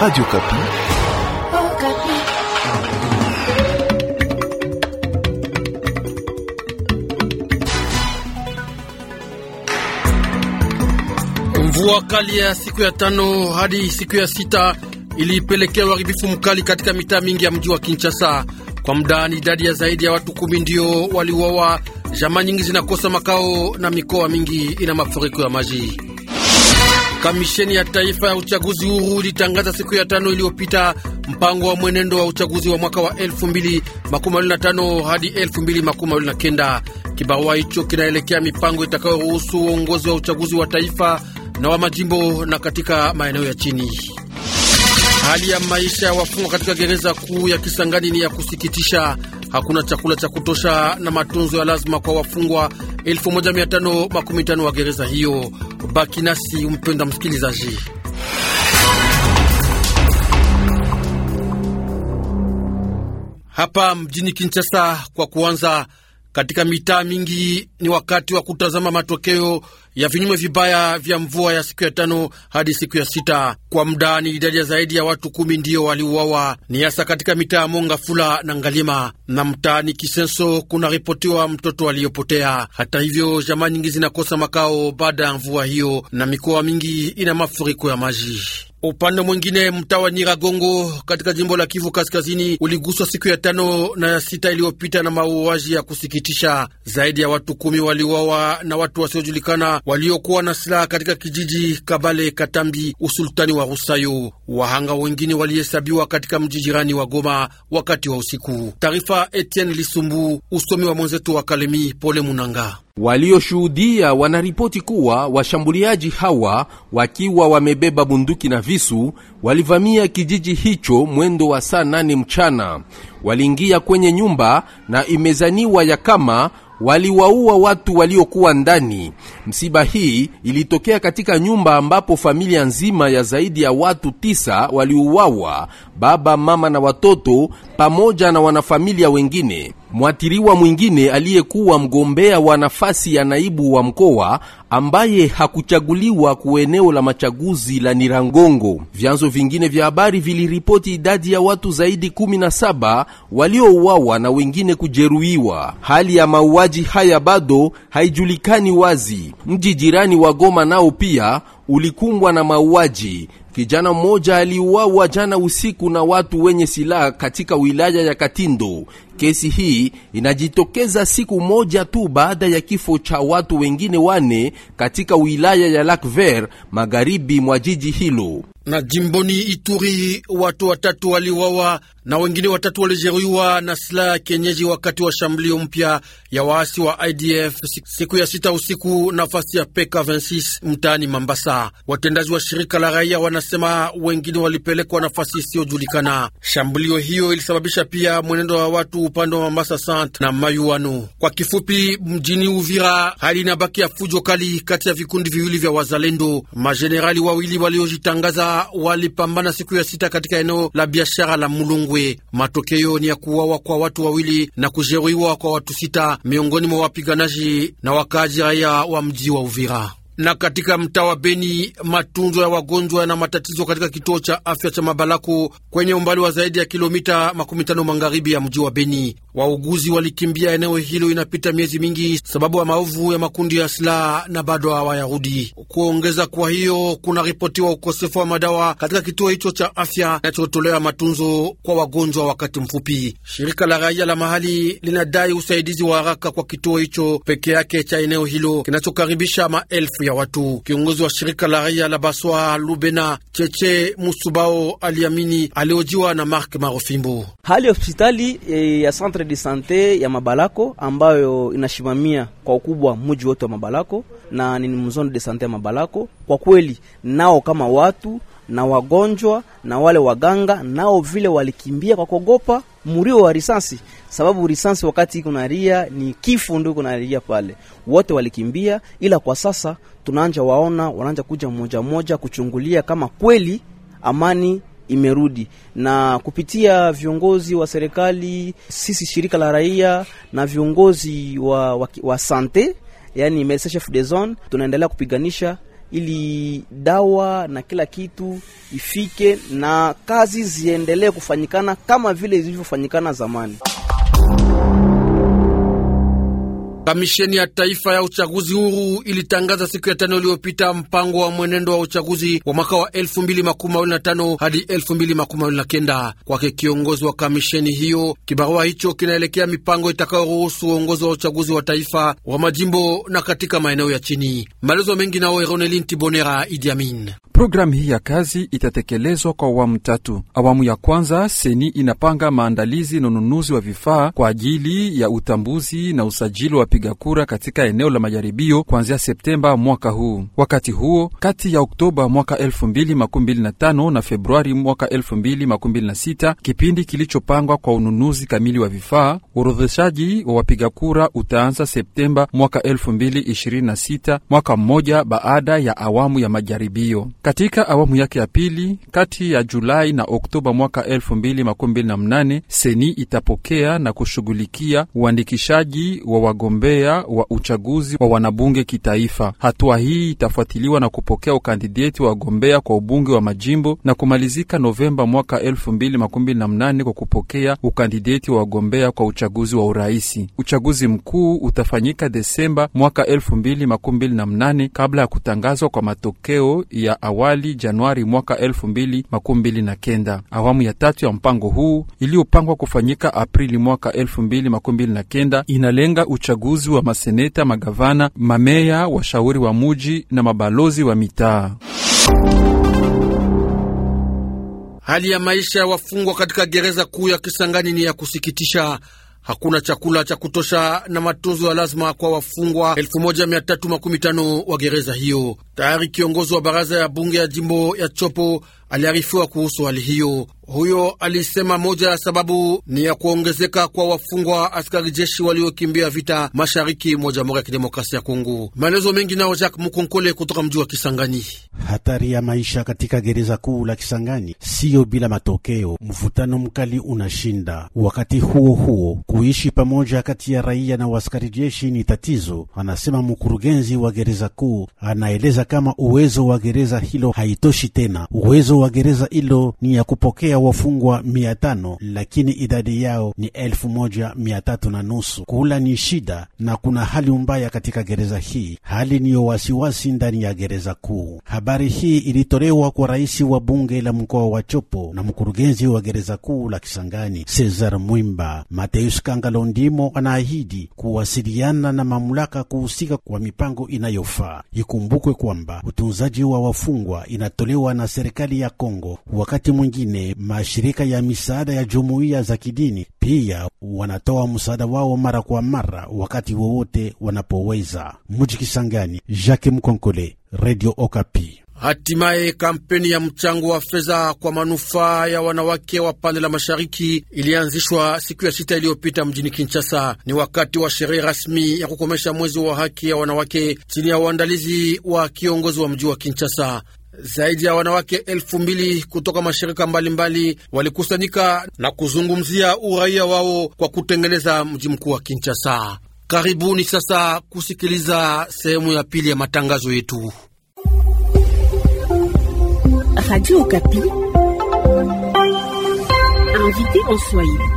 Radio Kapi. Oh, Kapi. Mvua kali ya siku ya tano hadi siku ya sita ilipelekea uharibifu mkali katika mitaa mingi ya mji wa Kinshasa. Kwa mdani idadi ya zaidi ya watu kumi ndio waliuawa. Jamaa nyingi zinakosa makao na mikoa mingi ina mafuriko ya maji. Kamisheni ya taifa ya uchaguzi huru ilitangaza siku ya tano iliyopita mpango wa mwenendo wa uchaguzi wa mwaka wa 2025 hadi 2029. Kibarua hicho kinaelekea mipango itakayoruhusu uongozi wa uchaguzi wa taifa na wa majimbo na katika maeneo ya chini. Hali ya maisha ya wafungwa katika gereza kuu ya Kisangani ni ya kusikitisha. Hakuna chakula cha kutosha na matunzo ya lazima kwa wafungwa 1515 wa gereza hiyo. Baki nasi umpenda msikilizaji. Hapa mjini Kinshasa kwa kuanza katika mitaa mingi ni wakati wa kutazama matokeo ya vinyume vibaya vya mvua ya siku ya tano hadi siku ya sita. Kwa muda ni idadi ya zaidi ya watu kumi ndiyo waliuawa, ni hasa katika mitaa ya Fula na Ngalima na mtaani Kisenso kunaripotiwa mtoto aliyopotea. Hata hivyo, jamaa nyingi zinakosa makao baada ya mvua hiyo na mikoa mingi ina mafuriko ya maji. Upande mwingine mtaa wa Nyiragongo katika jimbo la Kivu Kaskazini uliguswa siku ya tano na ya sita iliyopita na mauaji ya kusikitisha. Zaidi ya watu kumi waliuawa na watu wasiojulikana waliokuwa na silaha katika kijiji Kabale Katambi, usultani wa Rusayo. Wahanga wengine walihesabiwa katika mji jirani wa Goma wakati wa usiku. Taarifa Etienne Lisumbu, usomi wa mwenzetu wa Kalemi Pole Munanga. Walioshuhudia wanaripoti kuwa washambuliaji hawa wakiwa wamebeba bunduki na visu walivamia kijiji hicho mwendo wa saa nane mchana. Waliingia kwenye nyumba na imezaniwa ya kama waliwaua watu waliokuwa ndani. Msiba hii ilitokea katika nyumba ambapo familia nzima ya zaidi ya watu tisa waliuawa, baba, mama na watoto pamoja na wanafamilia wengine. Mwathiriwa mwingine aliyekuwa mgombea wa nafasi ya naibu wa mkoa ambaye hakuchaguliwa ku eneo la machaguzi la Nirangongo. Vyanzo vingine vya habari viliripoti idadi ya watu zaidi 17 waliouawa na wengine kujeruhiwa. Hali ya mauaji haya bado haijulikani wazi. Mji jirani wa Goma nao pia ulikumbwa na mauaji Kijana mmoja aliuawa jana usiku na watu wenye silaha katika wilaya ya Katindo. Kesi hii inajitokeza siku moja tu baada ya kifo cha watu wengine wane katika wilaya ya Lac Vert magharibi mwa jiji hilo. Na jimboni Ituri watu watatu waliwawa na wengine watatu walijeruhiwa na silaha ya kienyeji wakati wa shambulio mpya ya waasi wa IDF siku ya sita usiku nafasi ya Peka 26 mtaani Mambasa. Watendaji wa shirika la raia wanasema wengine walipelekwa nafasi isiyojulikana. Shambulio hiyo ilisababisha pia mwenendo wa watu upande wa Mambasa Sant na Mayuano. Kwa kifupi, mjini Uvira hali inabaki ya fujo kali kati ya vikundi viwili vya wazalendo. Majenerali wawili waliojitangaza walipambana siku ya sita katika eneo la biashara la Mulungu Zimbabwe. Matokeo ni ya kuwawa kwa watu wawili na kujeruhiwa kwa watu sita miongoni mwa wapiganaji na wakaaji raia wa mji wa Uvira na katika mtaa wa Beni matunzo ya wagonjwa yana matatizo katika kituo cha afya cha Mabalako kwenye umbali wa zaidi ya kilomita makumi tano magharibi ya mji wa Beni. Wauguzi walikimbia eneo hilo inapita miezi mingi sababu ya maovu ya makundi ya silaha na bado hawayarudi. Kuongeza kwa hiyo, kuna ripotiwa ukosefu wa madawa katika kituo hicho cha afya kinachotolewa matunzo kwa wagonjwa wakati mfupi. Shirika la raia la mahali linadai usaidizi wa haraka kwa kituo hicho peke yake cha eneo hilo kinachokaribisha maelfu ya watu. Kiongozi wa shirika la raia la Baswa Lubena Cheche Musubao aliamini aliojiwa na Mark Marofimbo. Hali ya hospitali eh, ya centre de sante ya Mabalako ambayo inashimamia kwa ukubwa muji wote wa Mabalako na ni mzono de sante ya Mabalako, kwa kweli nao kama watu na wagonjwa na wale waganga nao vile walikimbia kwa kuogopa mrio wa risasi, sababu risasi wakati iko ni kifo, ndio kunaria pale. Wote walikimbia, ila kwa sasa tunaanja waona wanaanja kuja mmoja mmoja kuchungulia kama kweli amani imerudi na kupitia viongozi wa serikali, sisi shirika la raia na viongozi wa, wa, wa sante, yani Medecins de Zone, tunaendelea kupiganisha ili dawa na kila kitu ifike na kazi ziendelee kufanyikana kama vile zilivyofanyikana zamani. Kamisheni ya taifa ya uchaguzi huru ilitangaza siku ya tano iliyopita mpango wa mwenendo wa uchaguzi wa mwaka wa 2025 hadi 2029. Kwake kiongozi wa kamisheni hiyo, kibarua hicho kinaelekea mipango itakayoruhusu uongozi wa uchaguzi wa taifa wa majimbo na katika maeneo ya chini. Maelezo mengi nao Eronelin Tibonera Idi Amin. Programu hii ya kazi itatekelezwa kwa awamu tatu. Awamu ya kwanza, seni inapanga maandalizi na ununuzi wa vifaa kwa ajili ya utambuzi na usajili wa wapiga kura katika eneo la majaribio kuanzia Septemba mwaka huu. Wakati huo, kati ya Oktoba mwaka 2025 na Februari mwaka 2026, kipindi kilichopangwa kwa ununuzi kamili wa vifaa, urodheshaji wa wapiga kura utaanza Septemba mwaka 2026, mwaka mmoja baada ya awamu ya majaribio. Katika awamu yake ya pili kati ya Julai na Oktoba mwaka 2018 seni itapokea na kushughulikia uandikishaji wa wagombea wa uchaguzi wa wanabunge kitaifa. Hatua hii itafuatiliwa na kupokea ukandideti wa wagombea kwa ubunge wa majimbo na kumalizika Novemba mwaka 2018 kwa kupokea ukandideti wa wagombea kwa uchaguzi wa uraisi. Uchaguzi mkuu utafanyika Desemba mwaka 2028 kabla ya kutangazwa kwa matokeo ya awali Januari mwaka elfu mbili makumi mbili na kenda. Awamu ya tatu ya mpango huu iliyopangwa kufanyika Aprili mwaka elfu mbili makumi mbili na kenda inalenga uchaguzi wa maseneta, magavana, mameya, washauri wa muji na mabalozi wa mitaa. Hali ya maisha ya wafungwa katika gereza kuu ya Kisangani ni ya kusikitisha hakuna chakula cha kutosha na matunzo ya lazima kwa wafungwa 1315 wa gereza hiyo. Tayari kiongozi wa baraza ya bunge ya jimbo ya Chopo aliarifiwa kuhusu hali hiyo. Huyo alisema moja ya sababu ni ya kuongezeka kwa wafungwa askari jeshi waliokimbia vita mashariki mwa Jamhuri ya Kidemokrasia ya Kongo. Maelezo mengi nayo Jack Mukonkole kutoka mji wa Kisangani. Hatari ya maisha katika gereza kuu la Kisangani siyo bila matokeo, mvutano mkali unashinda. Wakati huo huo, kuishi pamoja kati ya raia na waskari jeshi ni tatizo, anasema mkurugenzi wa gereza kuu. Anaeleza kama uwezo wa gereza hilo haitoshi tena uwezo uwezo wa gereza hilo ni ya kupokea wafungwa mia tano lakini idadi yao ni elfu moja mia tatu na nusu. Kula ni shida na kuna hali mbaya katika gereza hii, hali niyo wasiwasi ndani ya gereza kuu. Habari hii ilitolewa kwa rais wa bunge la mkoa wa Chopo na mkurugenzi wa gereza kuu la Kisangani Cesar Mwimba. Mateus Kangalondimo anaahidi kuwasiliana na mamlaka kuhusika kwa mipango inayofaa. Ikumbukwe kwamba utunzaji wa wafungwa inatolewa na serikali ya ya Kongo. Wakati mwingine mashirika ya misaada ya jumuiya za kidini pia wanatoa msaada wao mara kwa mara wakati wowote wanapoweza. Muji Kisangani, Jacques Mkonkole, Radio Okapi. Hatimaye kampeni ya mchango wa fedha kwa manufaa ya wanawake wa pande la mashariki ilianzishwa siku ya sita iliyopita mjini Kinshasa. Ni wakati wa sherehe rasmi ya kukomesha mwezi wa haki ya wanawake chini ya uandalizi wa kiongozi wa mji wa Kinshasa. Zaidi ya wanawake elfu mbili kutoka mashirika mbalimbali walikusanyika na kuzungumzia uraia wao kwa kutengeneza mji mkuu wa Kinshasa. Karibuni sasa kusikiliza sehemu ya pili ya matangazo yetu. Radio Okapi, invité en Swahili.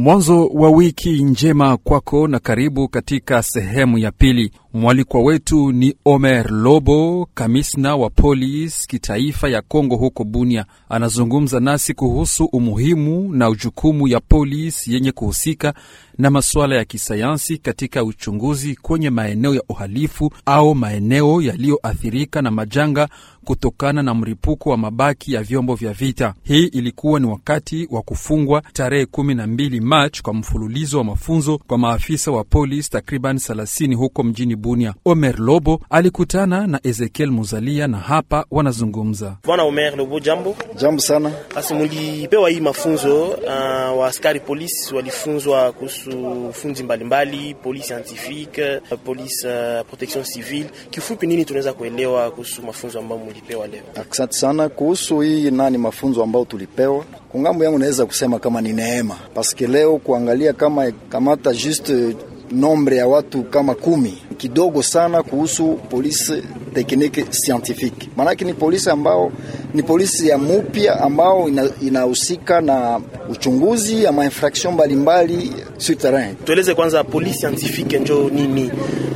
Mwanzo wa wiki njema kwako na karibu katika sehemu ya pili. Mwalikwa wetu ni Omer Lobo, kamishna wa polisi kitaifa ya Kongo huko Bunia. Anazungumza nasi kuhusu umuhimu na ujukumu ya polisi yenye kuhusika na masuala ya kisayansi katika uchunguzi kwenye maeneo ya uhalifu au maeneo yaliyoathirika na majanga kutokana na mlipuko wa mabaki ya vyombo vya vita. Hii ilikuwa ni wakati wa kufungwa tarehe 12 Machi kwa mfululizo wa mafunzo kwa maafisa wa polisi takriban 30 huko mjini Bunia. Omer Lobo alikutana na Ezekiel Muzalia na hapa wanazungumza. Bwana Omer Lobo, jambo. Jambo sana. Basi mulipewa hii mafunzo uh, askari polisi walifunzwa kuhusu kuhusu fundi mbalimbali, police scientifique, police uh, protection civile. Kifupi nini tunaweza kuelewa kuhusu mafunzo ambayo mlipewa leo? Asante sana. Kuhusu hii nani mafunzo ambayo tulipewa kungambo yangu naweza kusema kama ni neema, paske leo kuangalia kama kamata juste nombre ya watu kama kumi, kidogo sana kuhusu polisi tekniki scientifique. Maanake ni polisi ambao ni polisi ya mupya ambao inahusika ina na uchunguzi ya mainfraction mbalimbali sur terrain. Tueleze kwanza polisi scientifique njo nini?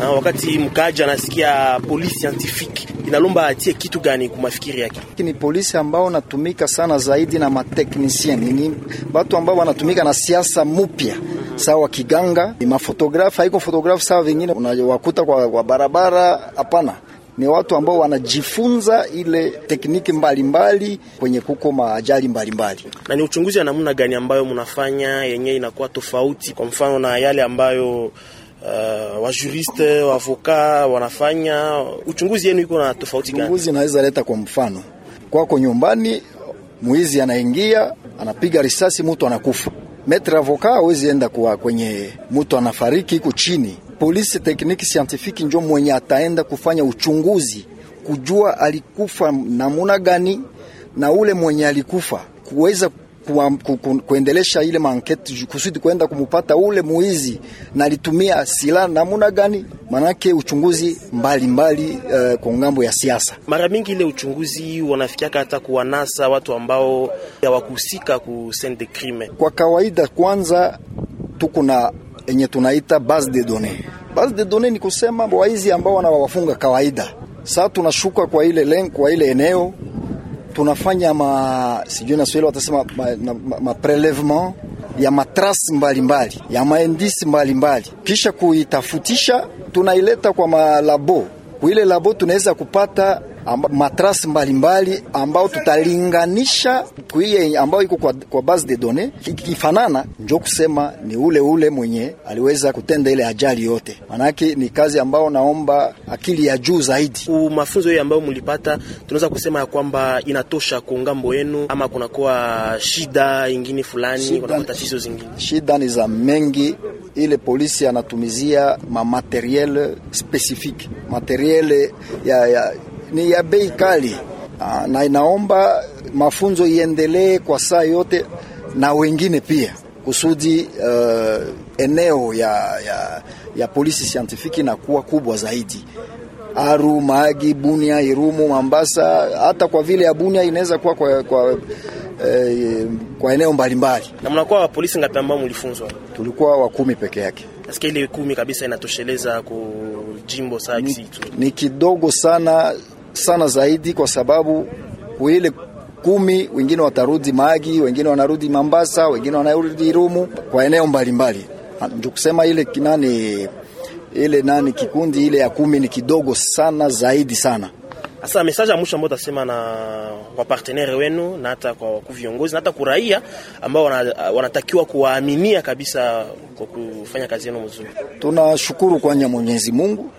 Ha, wakati mkaja anasikia polisi scientifique inalomba atie kitu gani kumafikiri yake? Ni polisi ambao natumika sana zaidi na mateknisien, ni watu ambao wanatumika na siasa mupya sawa kiganga, mafotografa haiko fotografu sawa, vingine unayowakuta kwa, kwa barabara. Hapana, ni watu ambao wanajifunza ile tekniki mbalimbali mbali, kwenye kuko maajali mbalimbali. Na ni uchunguzi wa namna gani ambayo mnafanya yenye inakuwa tofauti, kwa mfano na yale ambayo Uh, wajuriste wavoka wanafanya uchunguzi yenu iko na tofauti gani? Uchunguzi naweza leta kwa mfano kwako nyumbani, mwizi anaingia anapiga risasi, mtu anakufa metre avoka hawezi enda kwa kwenye mtu anafariki huko chini. Polisi tekniki sientifiki njo mwenye ataenda kufanya uchunguzi kujua alikufa namuna gani na ule mwenye alikufa kuweza ku, ku, kuendelesha ile mankete kusudi kwenda kumupata ule muizi na alitumia silaha namuna gani, manake uchunguzi mbalimbali uh, eh, kwa ngambo ya siasa. Mara mingi ile uchunguzi wanafikiaka hata kuwanasa watu ambao hawakuhusika ku scene de crime. Kwa kawaida, kwanza tuko na enye tunaita base de données. Base de données ni kusema waizi ambao wanawafunga kawaida, saa tunashuka kwa ile lengo, kwa ile eneo tunafanya ma sijui na Swahili watasema ma, ma, ma ya matrasi mbalimbali ya maendisi mbalimbali mbali. Kisha kuitafutisha tunaileta kwa malabo, kuile labo tunaweza kupata amba, matrasi mbalimbali ambao tutalinganisha kuiye ambao iko kwa, kwa base de donne kifanana njo kusema ni ule ule mwenye aliweza kutenda ile ajali yote. Manake ni kazi ambao naomba akili ya juu zaidi. Mafunzo hiyo ambayo mlipata, tunaweza kusema ya kwamba inatosha kwa ngambo yenu, ama kunakuwa shida ingine fulani, kuna tatizo zingine? Shida ni za mengi. Ile polisi anatumizia ma materiel specifique materiel ya, ya ni ya bei kali ah, na inaomba mafunzo iendelee kwa saa yote na wengine pia kusudi uh, eneo ya, ya, ya polisi sientifiki na kuwa kubwa zaidi. Aru, magi Bunia, Irumu, Mambasa, hata kwa vile ya Bunia inaweza kuwa kwa, kwa, eh, kwa eneo mbalimbali. Na mnakuwa wa polisi ngapi ambao mlifunzwa? Tulikuwa wa kumi peke yake. Ile kumi kabisa inatosheleza kujimbo saa ni, ni kidogo sana sana zaidi, kwa sababu kuile kumi wengine watarudi Magi, wengine wanarudi Mambasa, wengine wanarudi Rumu kwa eneo mbalimbali. Ah, ndio kusema ile kinani ile nani kikundi ile ya kumi ni kidogo sana zaidi sana. Asa message amsho ambao utasema na kwa partenaire wenu na hata kwa viongozi na hata kwa raia ambao wanatakiwa kuwaaminia kabisa kwa kufanya kazi yenu mzuri. Tunashukuru kwa Mwenyezi Mungu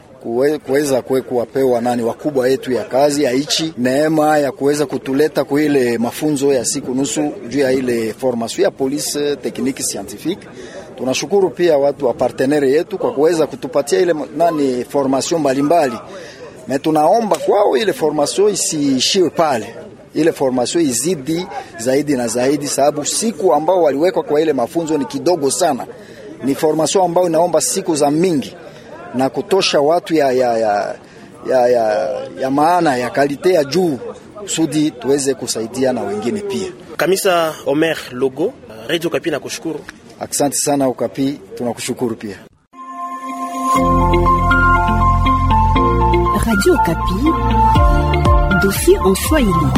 kuweza kuwapewa nani wakubwa wetu ya kazi ya ichi neema ya kuweza kutuleta kwa ile mafunzo ya siku nusu juu ya ile formation ya police technique scientifique. Tunashukuru pia watu wa partenaire yetu kwa kuweza kutupatia ile nani formation mbalimbali, na tunaomba kwao ile formation isiishiwe pale ile formation izidi zaidi na zaidi, sababu siku ambao waliwekwa kwa ile mafunzo ni kidogo sana. Ni formation ambayo inaomba siku za mingi na kutosha watu ya, ya, ya, ya, ya, ya maana ya kalite ya juu kusudi tuweze kusaidia na wengine pia. Kamisa Omer Logo, Radio Okapi na kushukuru. Asante sana ukapi tunakushukuru pia. Radio Okapi, dossier en Swahili.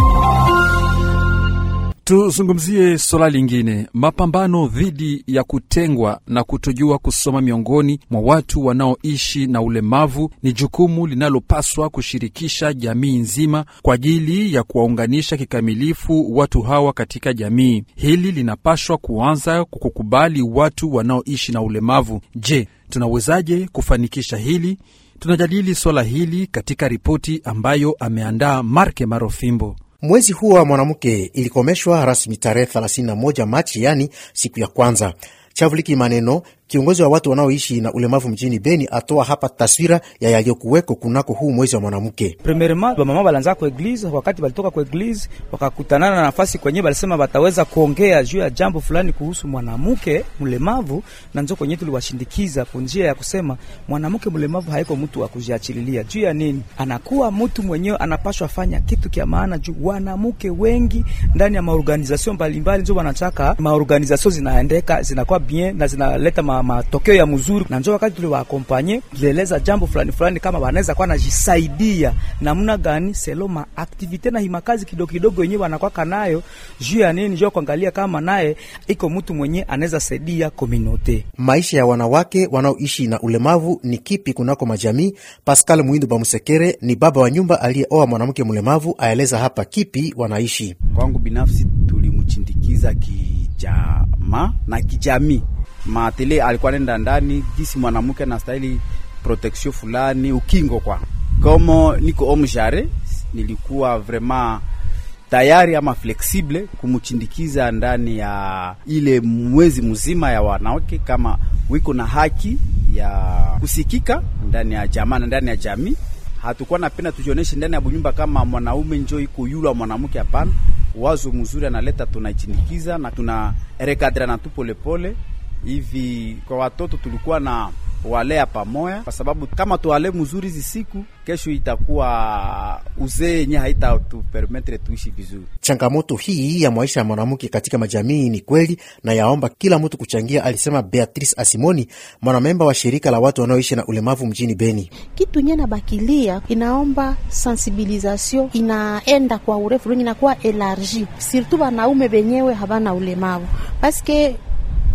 Tuzungumzie swala lingine, mapambano dhidi ya kutengwa na kutojua kusoma miongoni mwa watu wanaoishi na ulemavu ni jukumu linalopaswa kushirikisha jamii nzima kwa ajili ya kuwaunganisha kikamilifu watu hawa katika jamii. Hili linapaswa kuanza kwa kukubali watu wanaoishi na ulemavu. Je, tunawezaje kufanikisha hili? Tunajadili swala hili katika ripoti ambayo ameandaa Marke Marofimbo. Mwezi huu wa mwanamke ilikomeshwa rasmi tarehe 31 Machi, yani siku ya kwanza chavuliki maneno Kiongozi wa watu wanaoishi na ulemavu mjini Beni atoa hapa taswira ya yaliyokuweko kunako huu mwezi wa mwanamke. Premierement bamama balanza kwa eglise, wakati balitoka kwa eglise wakakutanana na nafasi kwenye balisema bataweza kuongea juu ya jambo fulani kuhusu mwanamke mlemavu, na ndio kwenye tuliwashindikiza kwa njia ya kusema mwanamke mlemavu haiko mtu wa kujiachililia juu ya nini, anakuwa mtu mwenyewe anapashwa fanya kitu kia maana, juu wanamke wengi ndani ya maorganizasio mbalimbali ndio wanataka maorganizasio zinaendeka zinakuwa bien na zinaleta ma matokeo ya mzuri, na njoo wakati tuliwaakompanye tulieleza jambo fulani fulani, kama wanaweza kuwa najisaidia namna gani selo ma activite na hima kazi kidogo kidogo yenyewe wanakwaka nayo juu ya nini, njoo kuangalia kama naye iko mtu mwenye anaweza saidia kominote. Maisha ya wanawake wanaoishi na ulemavu ni kipi kunako majamii? Pascal Muindu Bamusekere ni baba wa nyumba aliyeoa mwanamke mlemavu, aeleza hapa kipi wanaishi. Kwangu binafsi tulimchindikiza kijamaa na kijamii matele alikuwa nenda ndani gisi mwanamke anastahili protection fulani ukingo. Kwa komo niko homme jare, nilikuwa vraiment tayari ama flexible kumuchindikiza ndani ya ile mwezi mzima ya wanawake, kama wiko na haki ya kusikika ndani ya jamaa ndani ya jamii. Hatukuwa napenda tujioneshe ndani ya bunyumba kama mwanaume njo iko yula mwanamke, hapana. Wazo mzuri analeta, tunaichinikiza na tuna rekadra na tu polepole hivi kwa watoto tulikuwa na walea pamoya, kwa sababu kama tuwale mzuri hizi siku, kesho itakuwa uzee yenye haitatupermetre tuishi vizuri. Changamoto hii ya maisha ya mwanamke katika majamii ni kweli na yaomba kila mtu kuchangia, alisema Beatrice Asimoni, mwanamemba wa shirika la watu wanaoishi na ulemavu mjini Beni. Kitu nye na bakilia inaomba sensibilizasio inaenda kwa urefu, inakuwa elargi, surtout wanaume wenyewe habana ulemavu paske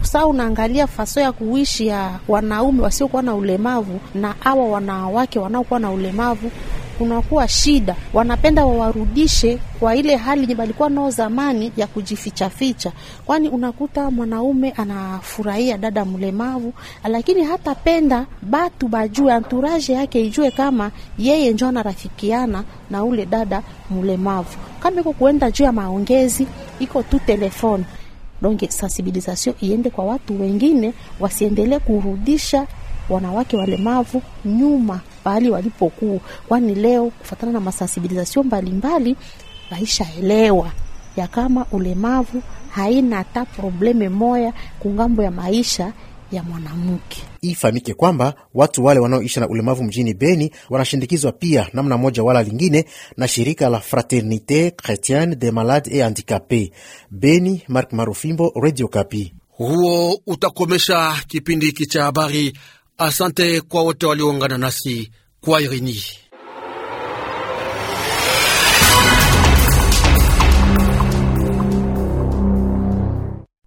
saa unaangalia faso ya kuishi ya wanaume wasiokuwa na ulemavu na awa wanawake wanaokuwa na ulemavu kunakuwa shida, wanapenda wawarudishe kwa ile hali balikuwa nao zamani ya kujifichaficha, kwani unakuta mwanaume anafurahia dada mlemavu, lakini hata penda batu bajue, anturaje yake ijue kama yeye njo anarafikiana na ule dada mlemavu. Kama iko kuenda juu ya maongezi, iko tu telefoni donge sensibilisation iende kwa watu wengine, wasiendelee kurudisha wanawake walemavu nyuma pahali walipokuwa, kwani leo kufatana na masensibilisation mbalimbali waishaelewa ya kama ulemavu haina hata probleme moya kungambo ya maisha ya mwanamke. Ifahamike kwamba watu wale wanaoishi na ulemavu mjini Beni wanashindikizwa pia namna moja wala lingine na shirika la Fraternite Chretienne de Malades et Handicape Beni. Mark Marufimbo, Radio Kapi. Huo utakomesha kipindi hiki cha habari. Asante kwa wote walioungana nasi kwa irini.